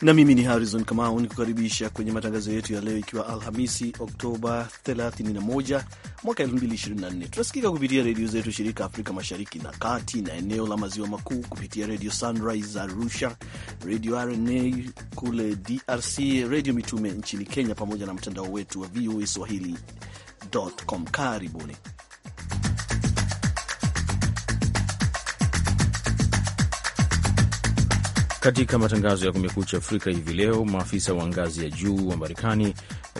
na mimi ni Harrison Kamau nikukaribisha kwenye matangazo yetu ya leo, ikiwa Alhamisi Oktoba 31 mwaka 2024. Tunasikika kupitia redio zetu shirika Afrika Mashariki na Kati na eneo la Maziwa Makuu kupitia redio Sunrise Arusha, redio RNA kule DRC, redio Mitume nchini Kenya, pamoja na mtandao wetu wa VOA Swahili.com. Karibuni. Katika matangazo ya Kumekucha Afrika hivi leo, maafisa wa ngazi ya juu wa Marekani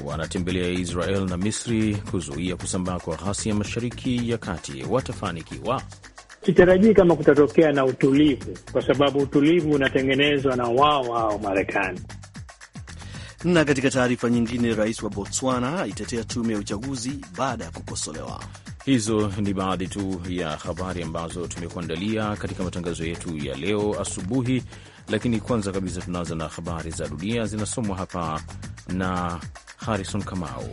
wanatembelea Israel na Misri kuzuia kusambaa kwa ghasia mashariki ya kati. Watafanikiwa? Sitarajii kama kutatokea na utulivu, kwa sababu utulivu unatengenezwa na wao wao Marekani. Na katika taarifa nyingine, rais wa Botswana aitetea tume ya uchaguzi baada ya kukosolewa. Hizo ni baadhi tu ya habari ambazo tumekuandalia katika matangazo yetu ya leo asubuhi lakini kwanza kabisa tunaanza na habari za dunia zinasomwa hapa na Harrison Kamau.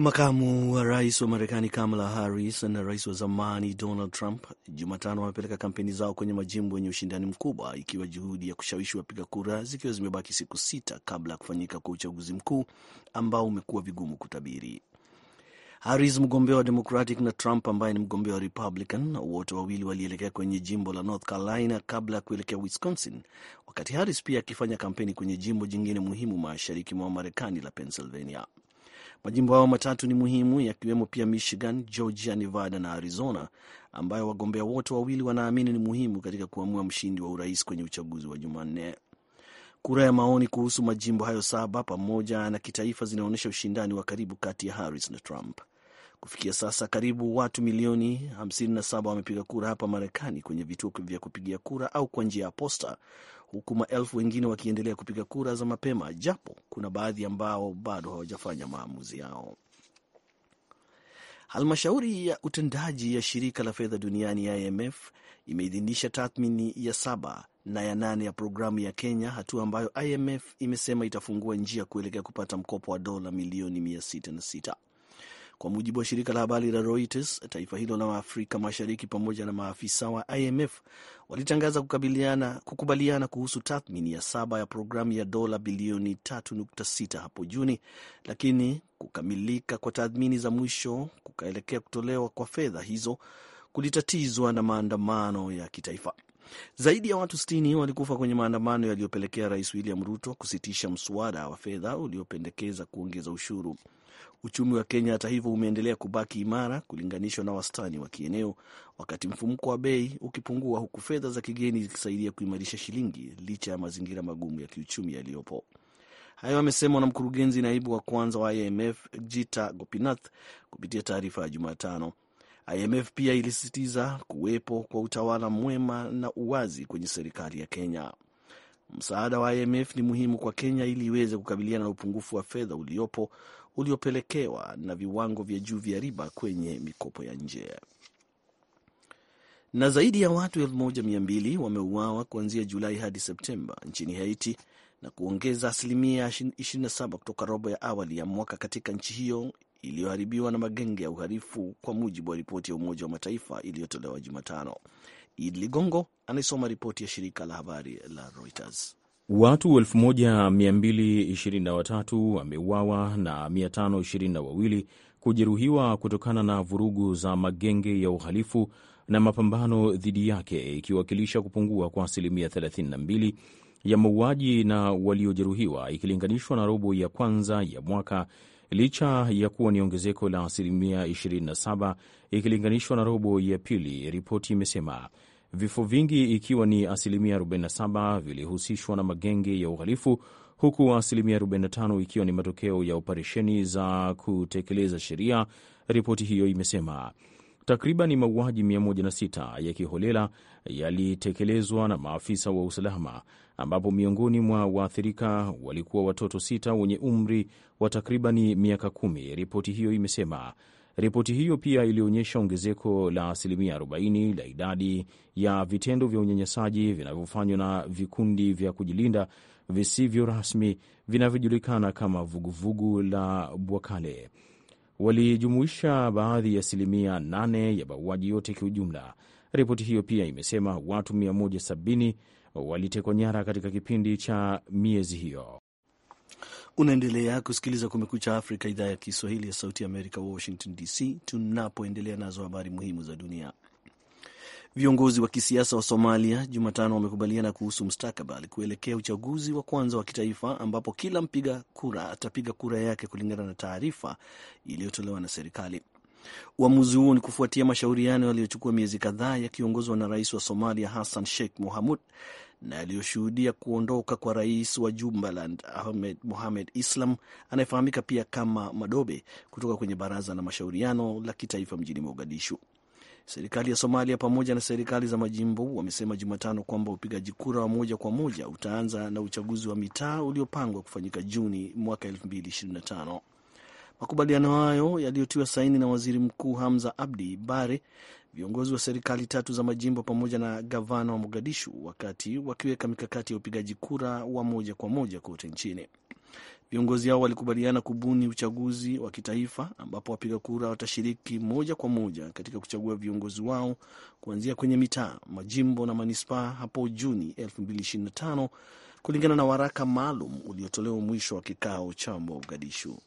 Makamu wa rais wa Marekani Kamala Harris na rais wa zamani Donald Trump Jumatano wamepeleka kampeni zao kwenye majimbo yenye ushindani mkubwa, ikiwa juhudi ya kushawishi wapiga kura, zikiwa zimebaki siku sita kabla ya kufanyika kwa uchaguzi mkuu ambao umekuwa vigumu kutabiri. Harris, mgombea wa Democratic, na Trump ambaye ni mgombea wa Republican, wote wawili walielekea kwenye jimbo la North Carolina kabla ya kuelekea Wisconsin, wakati Harris pia akifanya kampeni kwenye jimbo jingine muhimu mashariki mwa Marekani la Pennsylvania. Majimbo hayo matatu ni muhimu, yakiwemo pia Michigan, Georgia, Nevada na Arizona, ambayo wagombea wote wawili wanaamini ni muhimu katika kuamua mshindi wa urais kwenye uchaguzi wa Jumanne. Kura ya maoni kuhusu majimbo hayo saba pamoja na kitaifa zinaonyesha ushindani wa karibu kati ya Harris na Trump. Kufikia sasa karibu watu milioni 57 wamepiga kura hapa Marekani kwenye vituo vya kupigia kura au kwa njia ya posta, huku maelfu wengine wakiendelea kupiga kura za mapema, japo kuna baadhi ambao bado hawajafanya maamuzi yao. Halmashauri ya utendaji ya shirika la fedha duniani IMF imeidhinisha tathmini ya saba na ya nane ya programu ya Kenya, hatua ambayo IMF imesema itafungua njia kuelekea kupata mkopo wa dola milioni 66 kwa mujibu wa shirika la habari la Reuters, taifa hilo la Afrika Mashariki pamoja na maafisa wa IMF walitangaza kukabiliana, kukubaliana kuhusu tathmini ya saba ya programu ya dola bilioni 3.6 hapo Juni, lakini kukamilika kwa tathmini za mwisho kukaelekea kutolewa kwa fedha hizo kulitatizwa na maandamano ya kitaifa. Zaidi ya watu 60 walikufa kwenye maandamano yaliyopelekea Rais William Ruto kusitisha mswada wa fedha uliopendekeza kuongeza ushuru. Uchumi wa Kenya hata hivyo umeendelea kubaki imara kulinganishwa na wastani wa kieneo, wakati mfumuko wa bei ukipungua, huku fedha za kigeni zikisaidia kuimarisha shilingi licha ya mazingira magumu ya kiuchumi yaliyopo. Hayo amesemwa na mkurugenzi naibu wa kwanza wa IMF Jita Gopinath kupitia taarifa ya Jumatano. IMF pia ilisisitiza kuwepo kwa utawala mwema na uwazi kwenye serikali ya Kenya. Msaada wa IMF ni muhimu kwa Kenya ili iweze kukabiliana na upungufu wa fedha uliopo, uliopelekewa na viwango vya juu vya riba kwenye mikopo ya nje. Na zaidi ya watu 1200 wameuawa kuanzia Julai hadi Septemba nchini Haiti na kuongeza asilimia 27 kutoka robo ya awali ya mwaka katika nchi hiyo iliyoharibiwa na magenge ya uhalifu, kwa mujibu wa ripoti ya Umoja wa Mataifa iliyotolewa Jumatano. Idi Ligongo anaisoma ripoti ya shirika la habari la Reuters. Watu 1223 wameuawa na 522 kujeruhiwa kutokana na vurugu za magenge ya uhalifu na mapambano dhidi yake, ikiwakilisha kupungua kwa asilimia 32 ya mauaji na waliojeruhiwa ikilinganishwa na robo ya kwanza ya mwaka, licha ya kuwa ni ongezeko la asilimia 27 ikilinganishwa na robo ya pili, ripoti imesema vifo vingi ikiwa ni asilimia 47 vilihusishwa na magenge ya uhalifu huku asilimia 45 ikiwa ni matokeo ya operesheni za kutekeleza sheria, ripoti hiyo imesema. Takriban mauaji 16 ya kiholela yalitekelezwa na maafisa wa usalama, ambapo miongoni mwa waathirika walikuwa watoto sita wenye umri wa takribani miaka kumi, ripoti hiyo imesema. Ripoti hiyo pia ilionyesha ongezeko la asilimia 40 la idadi ya vitendo vya unyanyasaji vinavyofanywa na vikundi vya kujilinda visivyo rasmi vinavyojulikana kama vuguvugu vugu la Bwakale. Walijumuisha baadhi ya asilimia 8 ya mauaji yote kiujumla. Ripoti hiyo pia imesema watu 170 walitekwa nyara katika kipindi cha miezi hiyo. Unaendelea kusikiliza Kumekucha Afrika, idhaa ya Kiswahili ya Sauti Amerika, Washington DC, tunapoendelea nazo habari muhimu za dunia. Viongozi wa kisiasa wa Somalia Jumatano wamekubaliana kuhusu mustakabali kuelekea uchaguzi wa kwanza wa kitaifa ambapo kila mpiga kura atapiga kura yake kulingana na taarifa iliyotolewa na serikali. Uamuzi huo ni kufuatia mashauriano yaliyochukua miezi kadhaa yakiongozwa na rais wa Somalia Hassan Sheikh Mohamud na yaliyoshuhudia kuondoka kwa rais wa Jumbaland Ahmed Mohamed Islam anayefahamika pia kama Madobe kutoka kwenye baraza la mashauriano la kitaifa mjini Mogadishu. Serikali ya Somalia pamoja na serikali za majimbo wamesema Jumatano kwamba upigaji kura wa moja kwa moja utaanza na uchaguzi wa mitaa uliopangwa kufanyika Juni mwaka 2025. Makubaliano hayo yaliyotiwa saini na waziri mkuu Hamza Abdi Bare, viongozi wa serikali tatu za majimbo pamoja na gavana wa Mogadishu, wakati wakiweka mikakati ya upigaji kura wa moja kwa moja kote nchini. Viongozi hao walikubaliana kubuni uchaguzi wa kitaifa ambapo wapiga kura watashiriki moja kwa moja katika kuchagua viongozi wao kuanzia kwenye mitaa, majimbo na manispaa hapo Juni 2025 kulingana na waraka maalum uliotolewa mwisho wa kikao cha Mogadishu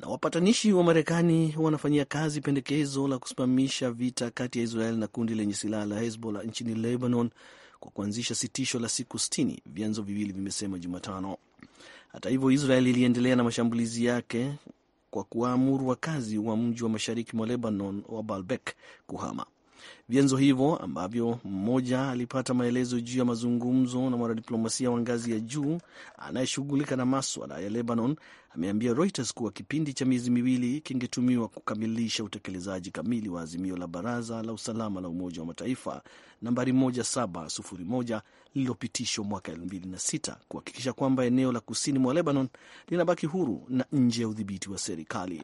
na wapatanishi wa Marekani wanafanyia kazi pendekezo la kusimamisha vita kati ya Israel na kundi lenye silaha la Hezbollah nchini Lebanon kwa kuanzisha sitisho la siku 60, vyanzo viwili vimesema Jumatano. Hata hivyo, Israel iliendelea na mashambulizi yake kwa kuwaamuru wakazi wa mji wa mashariki mwa Lebanon wa Baalbek kuhama. Vyanzo hivyo ambavyo mmoja alipata maelezo juu ya mazungumzo na mwanadiplomasia wa ngazi ya juu anayeshughulika na maswala ya Lebanon ameambia Reuters kuwa kipindi cha miezi miwili kingetumiwa kukamilisha utekelezaji kamili wa azimio la Baraza la Usalama la Umoja wa Mataifa nambari 1701 lililopitishwa mwaka 2006 kuhakikisha kwamba eneo la kusini mwa Lebanon linabaki huru na nje ya udhibiti wa serikali.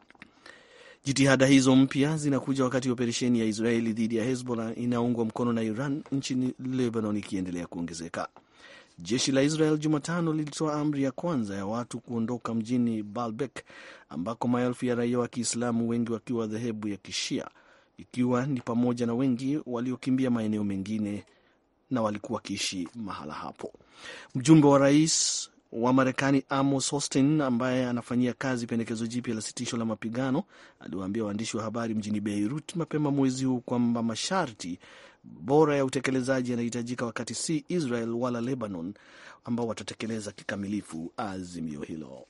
Jitihada hizo mpya zinakuja wakati operesheni ya Israeli dhidi ya Hezbollah inaungwa mkono na Iran nchini Lebanon ikiendelea kuongezeka. Jeshi la Israel Jumatano lilitoa amri ya kwanza ya watu kuondoka mjini Baalbek ambako maelfu ya raia wa Kiislamu, wengi wakiwa dhehebu ya Kishia, ikiwa ni pamoja na wengi waliokimbia maeneo mengine na walikuwa wakiishi mahala hapo. Mjumbe wa rais wa Marekani Amos Hochstein, ambaye anafanyia kazi pendekezo jipya la sitisho la mapigano, aliwaambia waandishi wa habari mjini Beirut mapema mwezi huu kwamba masharti bora ya utekelezaji yanahitajika, wakati si Israel wala Lebanon ambao watatekeleza kikamilifu azimio hilo.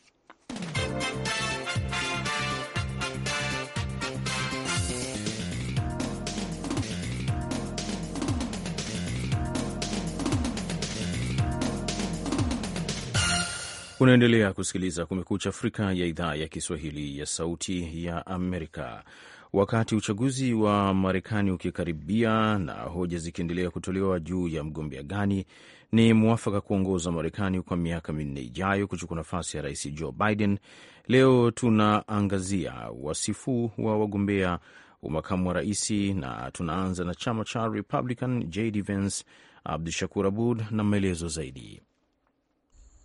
Unaendelea kusikiliza Kumekucha Afrika ya idhaa ya Kiswahili ya Sauti ya Amerika. Wakati uchaguzi wa Marekani ukikaribia na hoja zikiendelea kutolewa juu ya mgombea gani ni mwafaka kuongoza Marekani kwa miaka minne ijayo kuchukua nafasi ya Rais Joe Biden, leo tunaangazia wasifu wa wagombea makamu wa rais, na tunaanza na chama cha Republican, JD Vance, Abdu Shakur Abud na maelezo zaidi.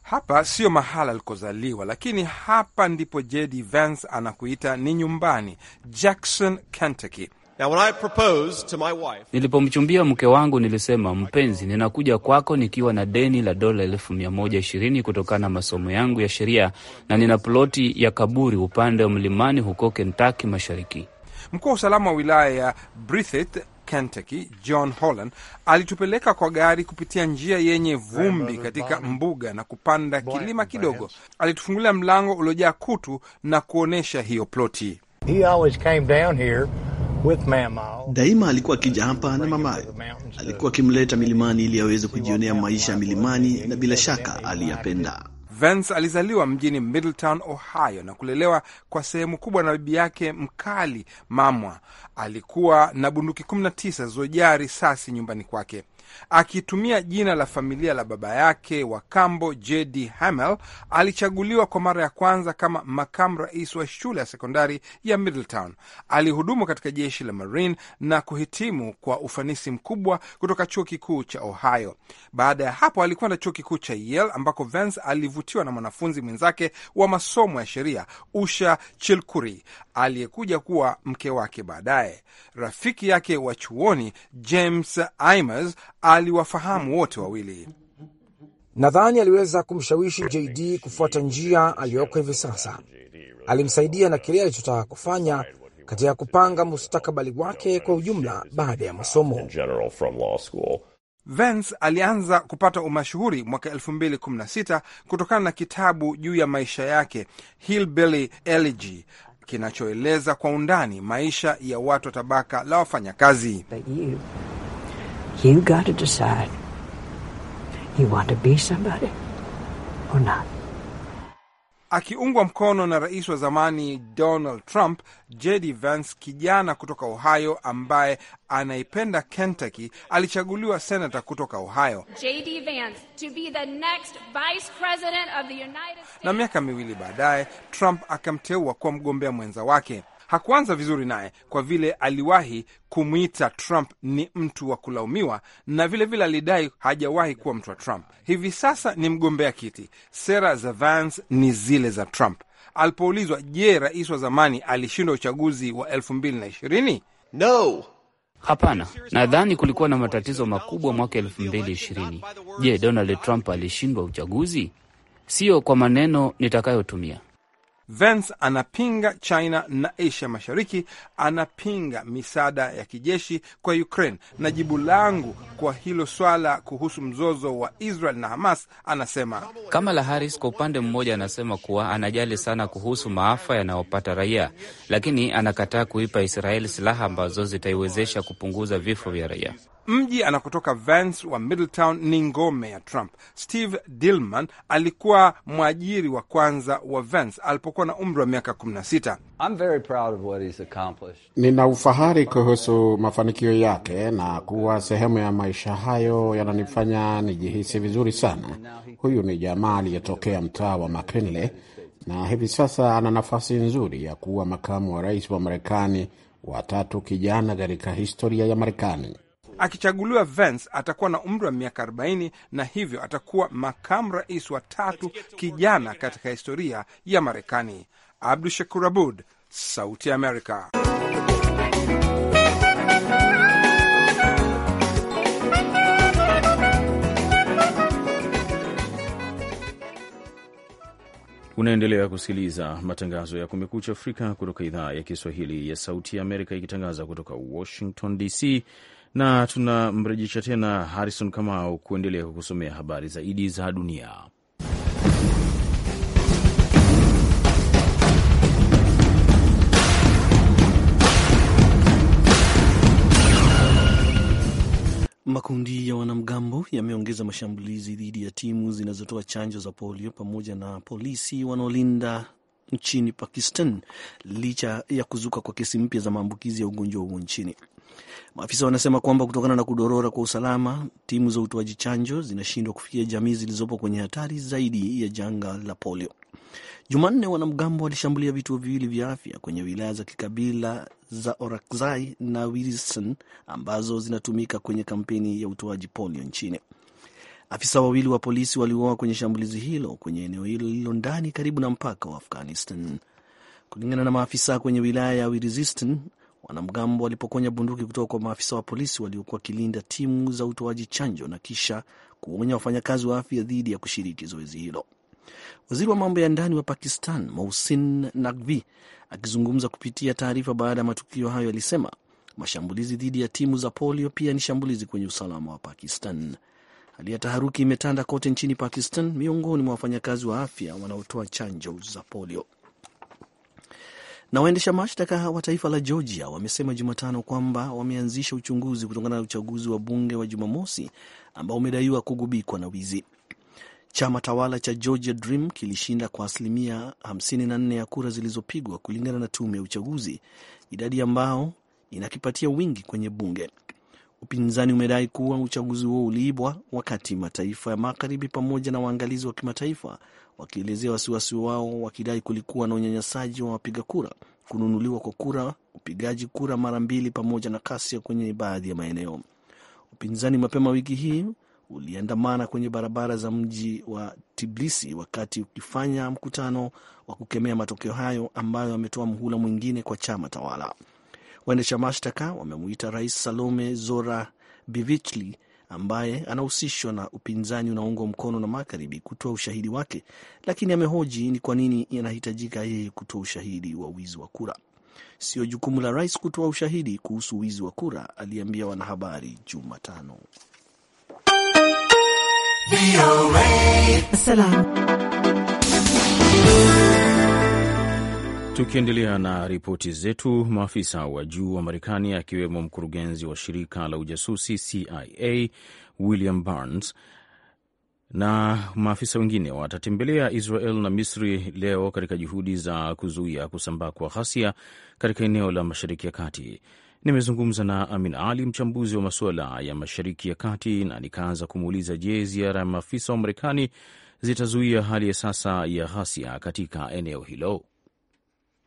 Hapa sio mahala alikozaliwa, lakini hapa ndipo JD Vance anakuita ni nyumbani, Jackson, Kentucky. Nilipomchumbia mke wangu nilisema, mpenzi, ninakuja kwako nikiwa na deni la dola elfu mia moja ishirini kutokana na masomo yangu ya sheria na nina ploti ya kaburi upande wa mlimani huko Kentaki Mashariki. Mkuu wa usalama wa wilaya ya Breathitt Kentucky, John Holland alitupeleka kwa gari kupitia njia yenye vumbi katika mbuga na kupanda kilima kidogo. Alitufungulia mlango uliojaa kutu na kuonyesha hiyo ploti. Daima alikuwa akija hapa na mamaye, alikuwa akimleta milimani ili aweze kujionea maisha ya milimani, na bila shaka aliyapenda. Vance alizaliwa mjini Middletown, Ohio na kulelewa kwa sehemu kubwa na bibi yake mkali Mamwa. Alikuwa na bunduki 19 zilizojaa risasi nyumbani kwake. Akitumia jina la familia la baba yake wa kambo JD Hamel, alichaguliwa kwa mara ya kwanza kama makamu rais wa shule ya sekondari ya Middletown. Alihudumu katika jeshi la Marine na kuhitimu kwa ufanisi mkubwa kutoka chuo kikuu cha Ohio. Baada ya hapo, alikwenda chuo kikuu cha Yale ambako Vance alivutiwa na mwanafunzi mwenzake wa masomo ya sheria Usha Chilkuri aliyekuja kuwa mke wake baadaye. Rafiki yake wa chuoni James Imers aliwafahamu wote wawili. Nadhani aliweza kumshawishi JD kufuata njia aliyoko hivi sasa. Alimsaidia na kile alichotaka kufanya katika kupanga mustakabali wake kwa ujumla baada ya masomo. Vance alianza kupata umashuhuri mwaka 2016 kutokana na kitabu juu ya maisha yake Hillbilly Elegy kinachoeleza kwa undani maisha ya watu wa tabaka la wafanyakazi. You got to decide you want to be somebody or not. Akiungwa mkono na rais wa zamani Donald Trump, JD Vance, kijana kutoka Ohio ambaye anaipenda Kentucky, alichaguliwa senata kutoka Ohio JD Vance, to be the next vice president of the United States. Na miaka miwili baadaye Trump akamteua kuwa mgombea mwenza wake hakuanza vizuri naye kwa vile aliwahi kumwita Trump ni mtu wa kulaumiwa na vilevile vile alidai hajawahi kuwa mtu wa Trump. Hivi sasa ni mgombea kiti, sera za Vance ni zile za Trump. Alipoulizwa, je, rais wa zamani alishindwa uchaguzi wa elfu mbili na ishirini? No. Hapana, nadhani kulikuwa na matatizo makubwa mwaka elfu mbili ishirini. Je, Donald Trump alishindwa uchaguzi? Sio kwa maneno nitakayotumia Vance anapinga China na Asia Mashariki, anapinga misaada ya kijeshi kwa Ukraine. Na jibu langu kwa hilo swala kuhusu mzozo wa Israel na Hamas, anasema Kamala Harris kwa upande mmoja anasema kuwa anajali sana kuhusu maafa yanayopata raia, lakini anakataa kuipa Israeli silaha ambazo zitaiwezesha kupunguza vifo vya raia. Mji anakotoka Vance wa Middletown ni ngome ya Trump. Steve Dilman alikuwa mwajiri wa kwanza wa Vance alipokuwa na umri wa miaka 16. Nina ufahari kuhusu mafanikio yake na kuwa sehemu ya maisha hayo yananifanya nijihisi vizuri sana. Huyu ni jamaa aliyetokea mtaa wa McKinley na hivi sasa ana nafasi nzuri ya kuwa makamu wa rais wa Marekani watatu kijana katika historia ya Marekani. Akichaguliwa, Vance atakuwa na umri wa miaka 40 na hivyo atakuwa makamu rais wa tatu kijana katika historia ya Marekani. Abdu Shakur Abud, Sauti ya Amerika. Unaendelea kusikiliza matangazo ya Kumekucha Afrika kutoka idhaa ya Kiswahili ya Sauti ya Amerika, ikitangaza kutoka Washington DC na tunamrejesha tena Harrison Kamau kuendelea kukusomea habari zaidi za dunia. Makundi ya wanamgambo yameongeza mashambulizi dhidi ya timu zinazotoa chanjo za polio pamoja na polisi wanaolinda nchini Pakistan licha ya kuzuka kwa kesi mpya za maambukizi ya ugonjwa huo nchini. Maafisa wanasema kwamba kutokana na kudorora kwa usalama, timu za utoaji chanjo zinashindwa kufikia jamii zilizopo kwenye hatari zaidi ya janga la polio. Jumanne, wanamgambo walishambulia vituo viwili vya afya kwenye wilaya za kikabila za Orakzai na Wilson ambazo zinatumika kwenye kampeni ya utoaji polio nchini. Afisa wawili wa polisi waliuawa kwenye shambulizi hilo kwenye eneo hilo lililo ndani karibu na mpaka wa Afghanistan, kulingana na maafisa kwenye wilaya ya Wiriziston, wanamgambo walipokonya bunduki kutoka kwa maafisa wa polisi waliokuwa wakilinda timu za utoaji chanjo na kisha kuonya wafanyakazi wa afya dhidi ya kushiriki zoezi hilo. Waziri wa mambo ya ndani wa Pakistan Mohsin Naqvi akizungumza kupitia taarifa baada ya matukio hayo alisema mashambulizi dhidi ya timu za polio pia ni shambulizi kwenye usalama wa Pakistan. Hali ya taharuki imetanda kote nchini Pakistan miongoni mwa wafanyakazi wa afya wanaotoa chanjo za polio. Na waendesha mashtaka wa taifa la Georgia wamesema Jumatano kwamba wameanzisha uchunguzi kutokana na uchaguzi wa bunge wa Jumamosi ambao umedaiwa kugubikwa na wizi. Chama tawala cha Georgia Dream kilishinda kwa asilimia 54 ya kura zilizopigwa kulingana na tume ya uchaguzi, idadi ambao inakipatia wingi kwenye bunge. Upinzani umedai kuwa uchaguzi huo uliibwa, wakati mataifa ya magharibi pamoja na waangalizi wa kimataifa wakielezea wasiwasi wao, wakidai kulikuwa na unyanyasaji wa wapiga kura, kununuliwa kwa kura, upigaji kura mara mbili, pamoja na kasia kwenye baadhi ya maeneo. Upinzani mapema wiki hii uliandamana kwenye barabara za mji wa Tbilisi wakati ukifanya mkutano wa kukemea matokeo hayo ambayo ametoa mhula mwingine kwa chama tawala. Waendesha mashtaka wamemwita Rais Salome Zora Bivichli ambaye anahusishwa na upinzani unaoungwa mkono na magharibi kutoa ushahidi wake, lakini amehoji ni kwa nini anahitajika yeye kutoa ushahidi wa wizi wa kura. Sio jukumu la rais kutoa ushahidi kuhusu wizi wa kura, aliambia wanahabari Jumatano. Tukiendelea na ripoti zetu, maafisa wa juu wa Marekani akiwemo mkurugenzi wa shirika la ujasusi CIA William Burns na maafisa wengine watatembelea Israel na Misri leo katika juhudi za kuzuia kusambaa kwa ghasia katika eneo la Mashariki ya Kati. Nimezungumza na Amin Ali, mchambuzi wa masuala ya Mashariki ya Kati, na nikaanza kumuuliza je, ziara ya maafisa wa Marekani zitazuia hali ya sasa ya ghasia katika eneo hilo?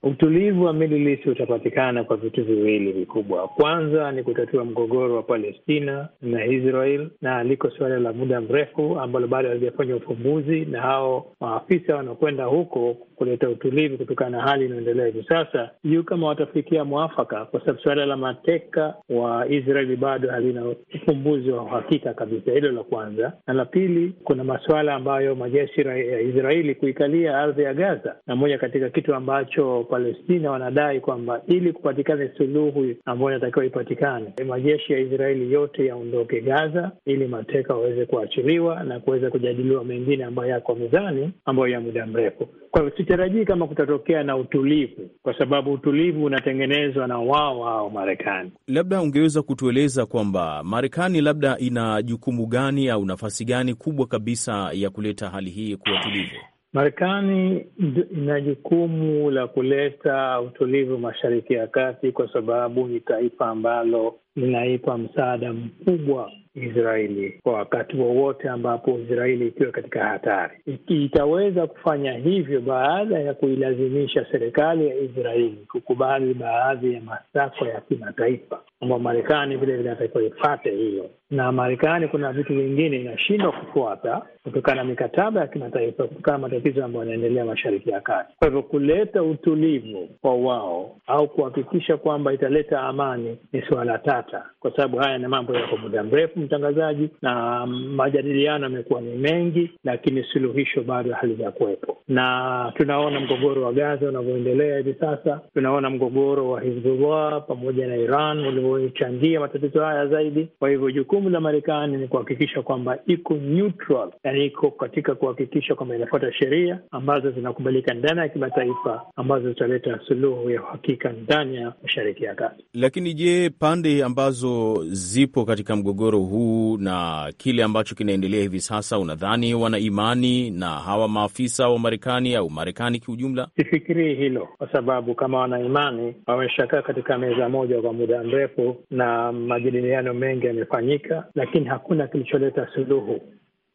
Utulivu wa Middle East utapatikana kwa vitu viwili vikubwa. Kwanza ni kutatua mgogoro wa Palestina na Israel, na liko suala la muda mrefu ambalo bado halijafanya ufumbuzi, na hao maafisa wanaokwenda huko kuleta utulivu kutokana na hali inayoendelea hivi sasa, juu kama watafikia mwafaka, kwa sababu suala la mateka wa Israeli bado halina ufumbuzi wa uhakika kabisa. Hilo la kwanza, na la pili, kuna masuala ambayo majeshi ya Israeli kuikalia ardhi ya Gaza, na moja katika kitu ambacho Wapalestina wanadai kwamba ili kupatikane suluhu ambayo inatakiwa ipatikane, majeshi ya Israeli yote yaondoke Gaza ili mateka waweze kuachiliwa na kuweza kujadiliwa mengine ambayo yako mezani ambayo ya muda mrefu. Kwa hiyo sitarajii kama kutatokea na utulivu, kwa sababu utulivu unatengenezwa na wao wao Marekani. Labda ungeweza kutueleza kwamba Marekani labda ina jukumu gani au nafasi gani kubwa kabisa ya kuleta hali hii kuwa tulivu? Marekani ina jukumu la kuleta utulivu mashariki ya kati, kwa sababu ni taifa ambalo linaipa msaada mkubwa Israeli kwa wakati wowote ambapo Israeli ikiwa katika hatari. Itaweza kufanya hivyo baada ya kuilazimisha serikali ya Israeli kukubali baadhi ya masako ya kimataifa, kwamba Marekani vile vile inatakiwa ifate hiyo, na Marekani kuna vitu vingine inashindwa kufuata kutokana na mikataba ya kimataifa, kutokana na matatizo ambayo yanaendelea Mashariki ya Kati. Kwa hivyo kuleta utulivu kwa wao au kuhakikisha kwamba italeta amani ni suala tatu kupata, kwa sababu haya ni mambo yako muda mrefu, mtangazaji, na majadiliano yamekuwa ni mengi, lakini suluhisho bado halijakuwepo, na tunaona mgogoro wa Gaza unavyoendelea hivi sasa, tunaona mgogoro wa Hizbullah pamoja na Iran ulivyochangia matatizo haya zaidi. Kwa hivyo jukumu la Marekani ni kuhakikisha kwamba iko neutral, yani iko katika kuhakikisha kwamba inafuata sheria ambazo zinakubalika ndani ya kimataifa ambazo zitaleta suluhu ya uhakika ndani ya Mashariki ya Kati. Lakini je, pande ambazo zipo katika mgogoro huu na kile ambacho kinaendelea hivi sasa, unadhani wana imani na hawa maafisa wa Marekani au Marekani kiujumla? Sifikirii hilo, kwa sababu kama wana imani wameshakaa katika meza moja kwa muda mrefu na majadiliano mengi yamefanyika, lakini hakuna kilicholeta suluhu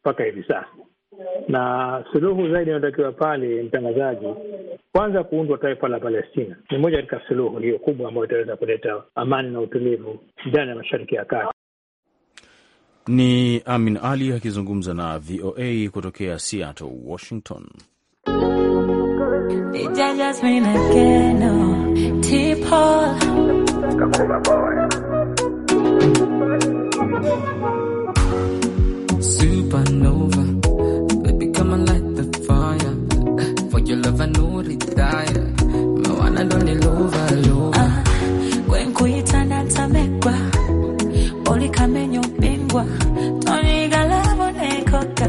mpaka hivi sasa na suluhu zaidi inayotakiwa pale, mtangazaji, kwanza kuundwa taifa la Palestina ni moja katika suluhu hiyo kubwa ambayo itaweza kuleta amani na utulivu ndani ya Mashariki ya Kati. Ni Amin Ali akizungumza na VOA kutokea Seattle, Washington. Supernova. You love and know it die. Mawana don't you love love. Ah, kwen kuitana tamekwa. Oli kamenyo bingwa. Tony galabo nekoka.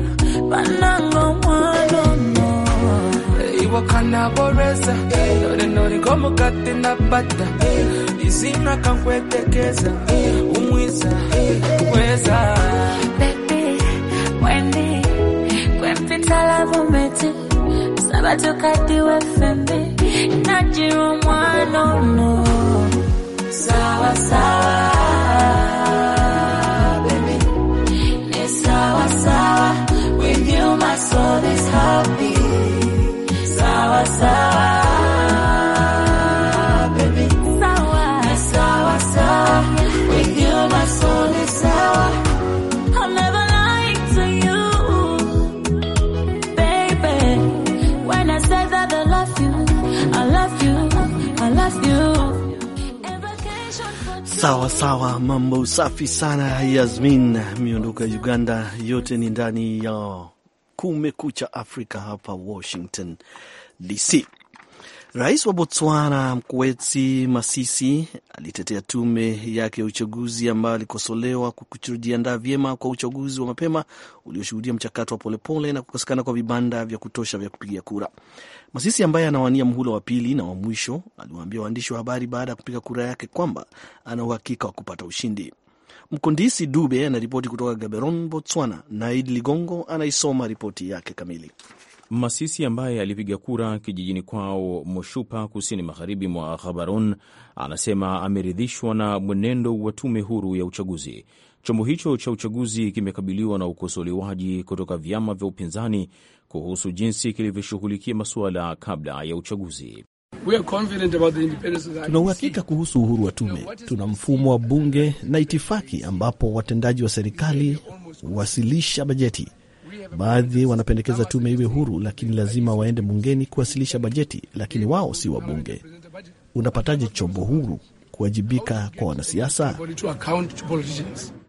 Banango mwalo no. Iwa kana boreza. Nore nore gomu kati na pata Izina kankwetekeza. Umwiza. Weza. Baby. batukaddiwa ffembe najjira omwana ono saawa saawa baby ne saawa with you my soul is happy Sawa sawa, mambo safi sana Yasmin. Miondoka Uganda yote ni ndani ya Kumekucha Afrika hapa Washington DC. Rais wa Botswana Mokgweetsi Masisi alitetea tume yake ya uchaguzi ambayo alikosolewa kwa kutojiandaa vyema kwa uchaguzi wa mapema ulioshuhudia mchakato wa polepole na kukosekana kwa vibanda vya kutosha vya kupigia kura. Masisi ambaye anawania mhula wa pili na wa mwisho aliwaambia waandishi wa habari baada ya kupiga kura yake kwamba ana uhakika wa kupata ushindi. Mkondisi Dube anaripoti kutoka Gaborone, Botswana, na Ligongo anaisoma ripoti yake kamili. Masisi ambaye alipiga kura kijijini kwao Moshupa, kusini magharibi mwa ghabaron anasema ameridhishwa na mwenendo wa tume huru ya uchaguzi. Chombo hicho cha uchaguzi kimekabiliwa na ukosolewaji kutoka vyama vya upinzani kuhusu jinsi kilivyoshughulikia masuala kabla ya uchaguzi. Tuna uhakika kuhusu uhuru wa tume. Tuna mfumo wa bunge na itifaki ambapo watendaji wa serikali huwasilisha bajeti. Baadhi wanapendekeza tume iwe huru, lakini lazima waende bungeni kuwasilisha bajeti, lakini wao si wabunge. Unapataje chombo huru kuwajibika kwa wanasiasa?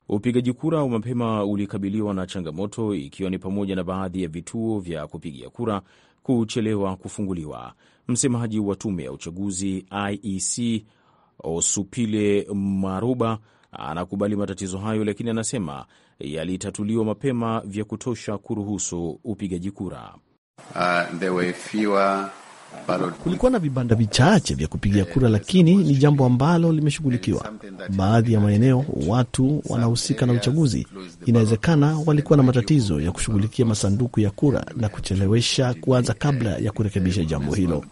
Upigaji kura wa mapema ulikabiliwa na changamoto, ikiwa ni pamoja na baadhi ya vituo vya kupigia kura kuchelewa kufunguliwa. Msemaji wa tume ya uchaguzi IEC Osupile Maruba anakubali matatizo hayo, lakini anasema yalitatuliwa mapema vya kutosha kuruhusu upigaji kura. Uh, Kulikuwa na vibanda vichache vya kupigia kura, lakini ni jambo ambalo limeshughulikiwa. Baadhi ya maeneo watu wanahusika na uchaguzi, inawezekana walikuwa na matatizo ya kushughulikia masanduku ya kura na kuchelewesha kuanza kabla ya kurekebisha jambo hilo.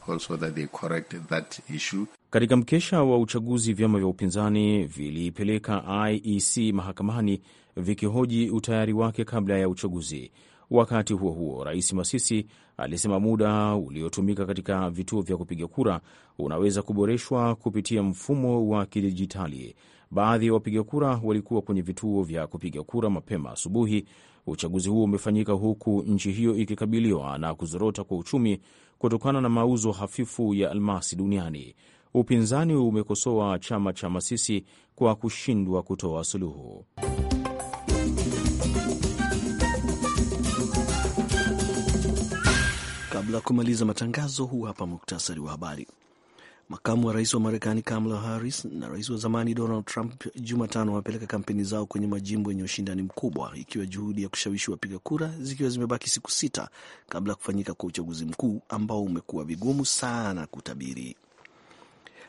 Katika mkesha wa uchaguzi, vyama vya upinzani vilipeleka IEC mahakamani vikihoji utayari wake kabla ya uchaguzi. Wakati huo huo, Rais Masisi Alisema muda uliotumika katika vituo vya kupiga kura unaweza kuboreshwa kupitia mfumo wa kidijitali. Baadhi ya wapiga kura walikuwa kwenye vituo vya kupiga kura mapema asubuhi. Uchaguzi huo umefanyika huku nchi hiyo ikikabiliwa na kuzorota kwa uchumi kutokana na mauzo hafifu ya almasi duniani. Upinzani umekosoa chama cha Masisi kwa kushindwa kutoa suluhu. Kabla ya kumaliza matangazo, huu hapa muktasari wa habari. Makamu wa rais wa Marekani Kamala Harris na rais wa zamani Donald Trump Jumatano wamepeleka kampeni zao kwenye majimbo yenye ushindani mkubwa, ikiwa juhudi ya kushawishi wapiga kura, zikiwa zimebaki siku sita kabla ya kufanyika kwa uchaguzi mkuu ambao umekuwa vigumu sana kutabiri.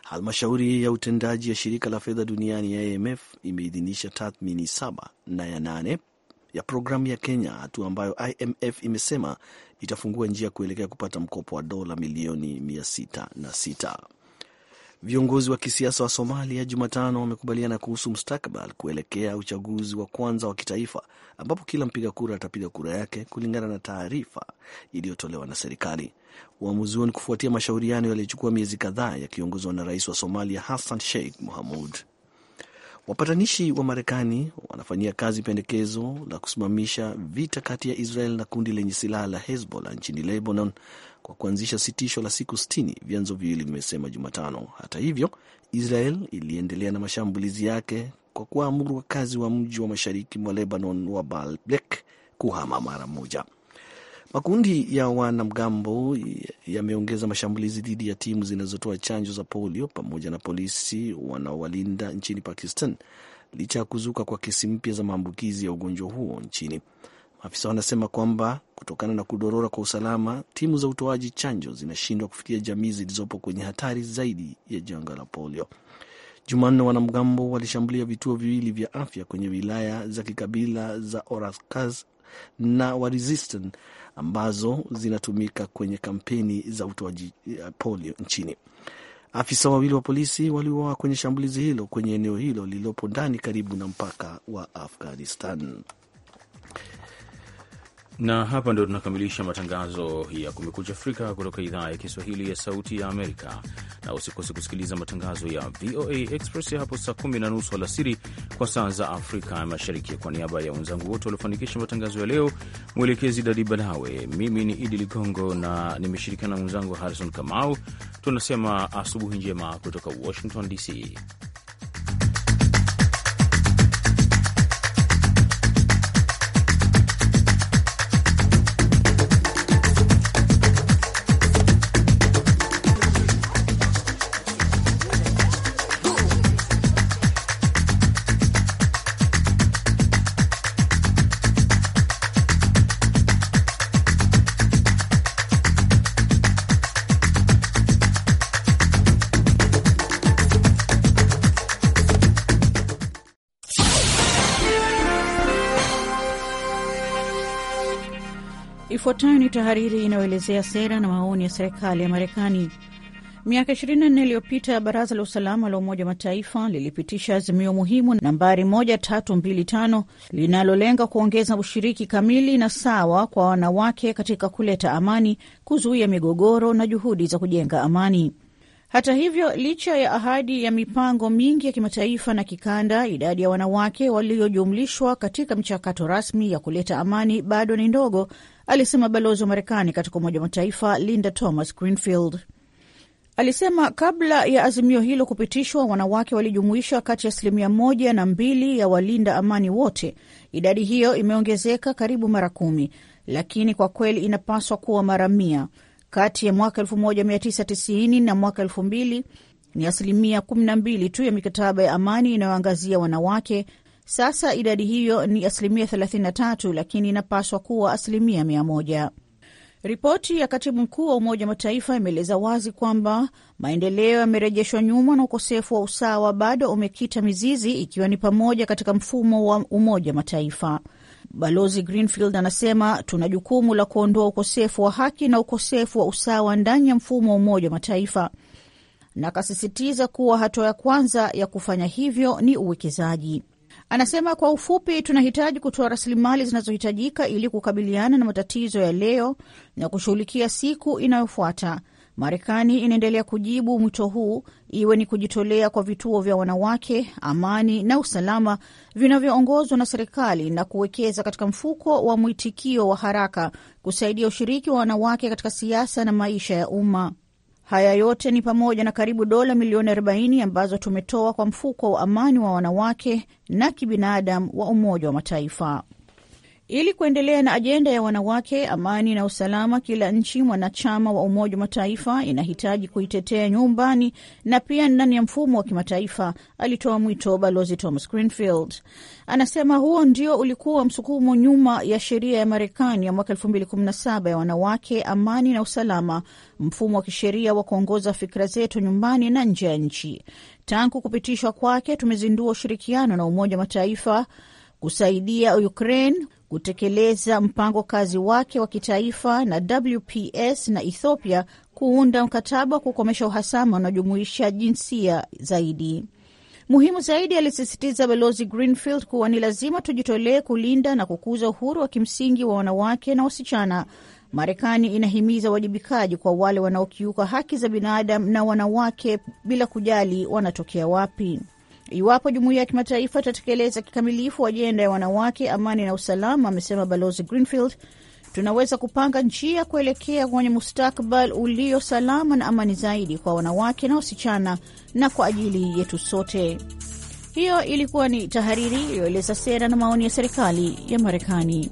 Halmashauri ya utendaji ya shirika la fedha duniani ya IMF imeidhinisha tathmini saba na ya nane ya programu ya Kenya, hatua ambayo IMF imesema itafungua njia kuelekea kupata mkopo wa dola milioni 606. Viongozi wa kisiasa wa Somalia Jumatano wamekubaliana kuhusu mustakabali kuelekea uchaguzi wa kwanza wa kitaifa ambapo kila mpiga kura atapiga kura yake kulingana na taarifa iliyotolewa na serikali. Uamuzi huo ni kufuatia mashauriano yaliyochukua miezi kadhaa yakiongozwa na rais wa Somalia Hassan Sheikh Mohamud. Wapatanishi wa Marekani wanafanyia kazi pendekezo la kusimamisha vita kati ya Israel na kundi lenye silaha la Hezbollah nchini Lebanon kwa kuanzisha sitisho la siku 60, vyanzo viwili vimesema Jumatano. Hata hivyo, Israel iliendelea na mashambulizi yake kwa kuwaamuru wakazi wa mji wa mashariki mwa Lebanon wa Baalbek kuhama mara moja. Makundi ya wanamgambo yameongeza mashambulizi dhidi ya timu zinazotoa chanjo za polio pamoja na polisi wanaowalinda nchini Pakistan licha ya kuzuka kwa kesi mpya za maambukizi ya ugonjwa huo nchini. Maafisa wanasema kwamba kutokana na kudorora kwa usalama, timu za utoaji chanjo zinashindwa kufikia jamii zilizopo kwenye hatari zaidi ya janga la polio. Jumanne, wanamgambo walishambulia vituo viwili vya afya kwenye wilaya za kikabila za Orkaz na Waziristan ambazo zinatumika kwenye kampeni za utoaji eh, polio nchini. Afisa wawili wa polisi waliuawa kwenye shambulizi hilo kwenye eneo hilo lililopo ndani karibu na mpaka wa Afghanistan. Na hapa ndio tunakamilisha matangazo ya Kumekucha Afrika kutoka idhaa ya Kiswahili ya Sauti ya Amerika, na usikose kusikiliza matangazo ya VOA Express hapo saa kumi na nusu alasiri kwa saa za Afrika Mashariki. Kwa niaba ya wenzangu wote waliofanikisha matangazo ya leo, mwelekezi Dadi Balawe, mimi ni Idi Ligongo na nimeshirikiana na mwenzangu Harrison Kamau, tunasema asubuhi njema kutoka Washington DC. Ifuatayo ni tahariri inayoelezea sera na maoni ya serikali ya Marekani. Miaka 24 iliyopita baraza la usalama la Umoja wa Mataifa lilipitisha azimio muhimu nambari 1325 linalolenga kuongeza ushiriki kamili na sawa kwa wanawake katika kuleta amani, kuzuia migogoro na juhudi za kujenga amani. Hata hivyo, licha ya ahadi ya mipango mingi ya kimataifa na kikanda, idadi ya wanawake waliojumlishwa katika mchakato rasmi ya kuleta amani bado ni ndogo alisema balozi wa Marekani katika Umoja wa Mataifa Linda Thomas Greenfield. Alisema kabla ya azimio hilo kupitishwa, wanawake walijumuishwa kati ya asilimia moja na mbili ya walinda amani wote. Idadi hiyo imeongezeka karibu mara kumi, lakini kwa kweli inapaswa kuwa mara mia. Kati ya mwaka 1990 na mwaka 2000 ni asilimia 12 tu ya mikataba ya amani inayoangazia wanawake sasa idadi hiyo ni asilimia 33, lakini inapaswa kuwa asilimia 100. Ripoti ya katibu mkuu wa Umoja wa Mataifa imeeleza wazi kwamba maendeleo yamerejeshwa nyuma na ukosefu wa usawa bado umekita mizizi, ikiwa ni pamoja katika mfumo wa Umoja wa Mataifa. Balozi Greenfield anasema tuna jukumu la kuondoa ukosefu wa haki na ukosefu wa usawa ndani ya mfumo wa Umoja wa Mataifa, na akasisitiza kuwa hatua ya kwanza ya kufanya hivyo ni uwekezaji. Anasema kwa ufupi, tunahitaji kutoa rasilimali zinazohitajika ili kukabiliana na matatizo ya leo na kushughulikia siku inayofuata. Marekani inaendelea kujibu mwito huu, iwe ni kujitolea kwa vituo vya wanawake, amani na usalama vinavyoongozwa na serikali na kuwekeza katika mfuko wa mwitikio wa haraka kusaidia ushiriki wa wanawake katika siasa na maisha ya umma. Haya yote ni pamoja na karibu dola milioni 40 ambazo tumetoa kwa mfuko wa amani wa wanawake na kibinadamu wa Umoja wa Mataifa. Ili kuendelea na ajenda ya wanawake, amani na usalama, kila nchi mwanachama wa Umoja wa Mataifa inahitaji kuitetea nyumbani na pia ndani ya mfumo wa kimataifa, alitoa mwito Balozi Thomas Greenfield. Anasema huo ndio ulikuwa msukumo nyuma ya sheria ya Marekani ya mwaka 2017 ya wanawake, amani na usalama, mfumo wa kisheria wa kuongoza fikra zetu nyumbani na nje ya nchi. Tangu kupitishwa kwake, tumezindua ushirikiano na Umoja wa Mataifa kusaidia Ukraine kutekeleza mpango kazi wake wa kitaifa na WPS na Ethiopia kuunda mkataba wa kukomesha uhasama unaojumuisha jinsia zaidi. Muhimu zaidi, alisisitiza Balozi Greenfield kuwa ni lazima tujitolee kulinda na kukuza uhuru wa kimsingi wa wanawake na wasichana. Marekani inahimiza uwajibikaji kwa wale wanaokiuka haki za binadamu na wanawake bila kujali wanatokea wapi iwapo jumuiya ya kimataifa itatekeleza kikamilifu ajenda ya wanawake, amani na usalama, amesema Balozi Greenfield, tunaweza kupanga njia kuelekea kwenye mustakbal ulio salama na amani zaidi kwa wanawake na wasichana na kwa ajili yetu sote. Hiyo ilikuwa ni tahariri iliyoeleza sera na maoni ya serikali ya Marekani.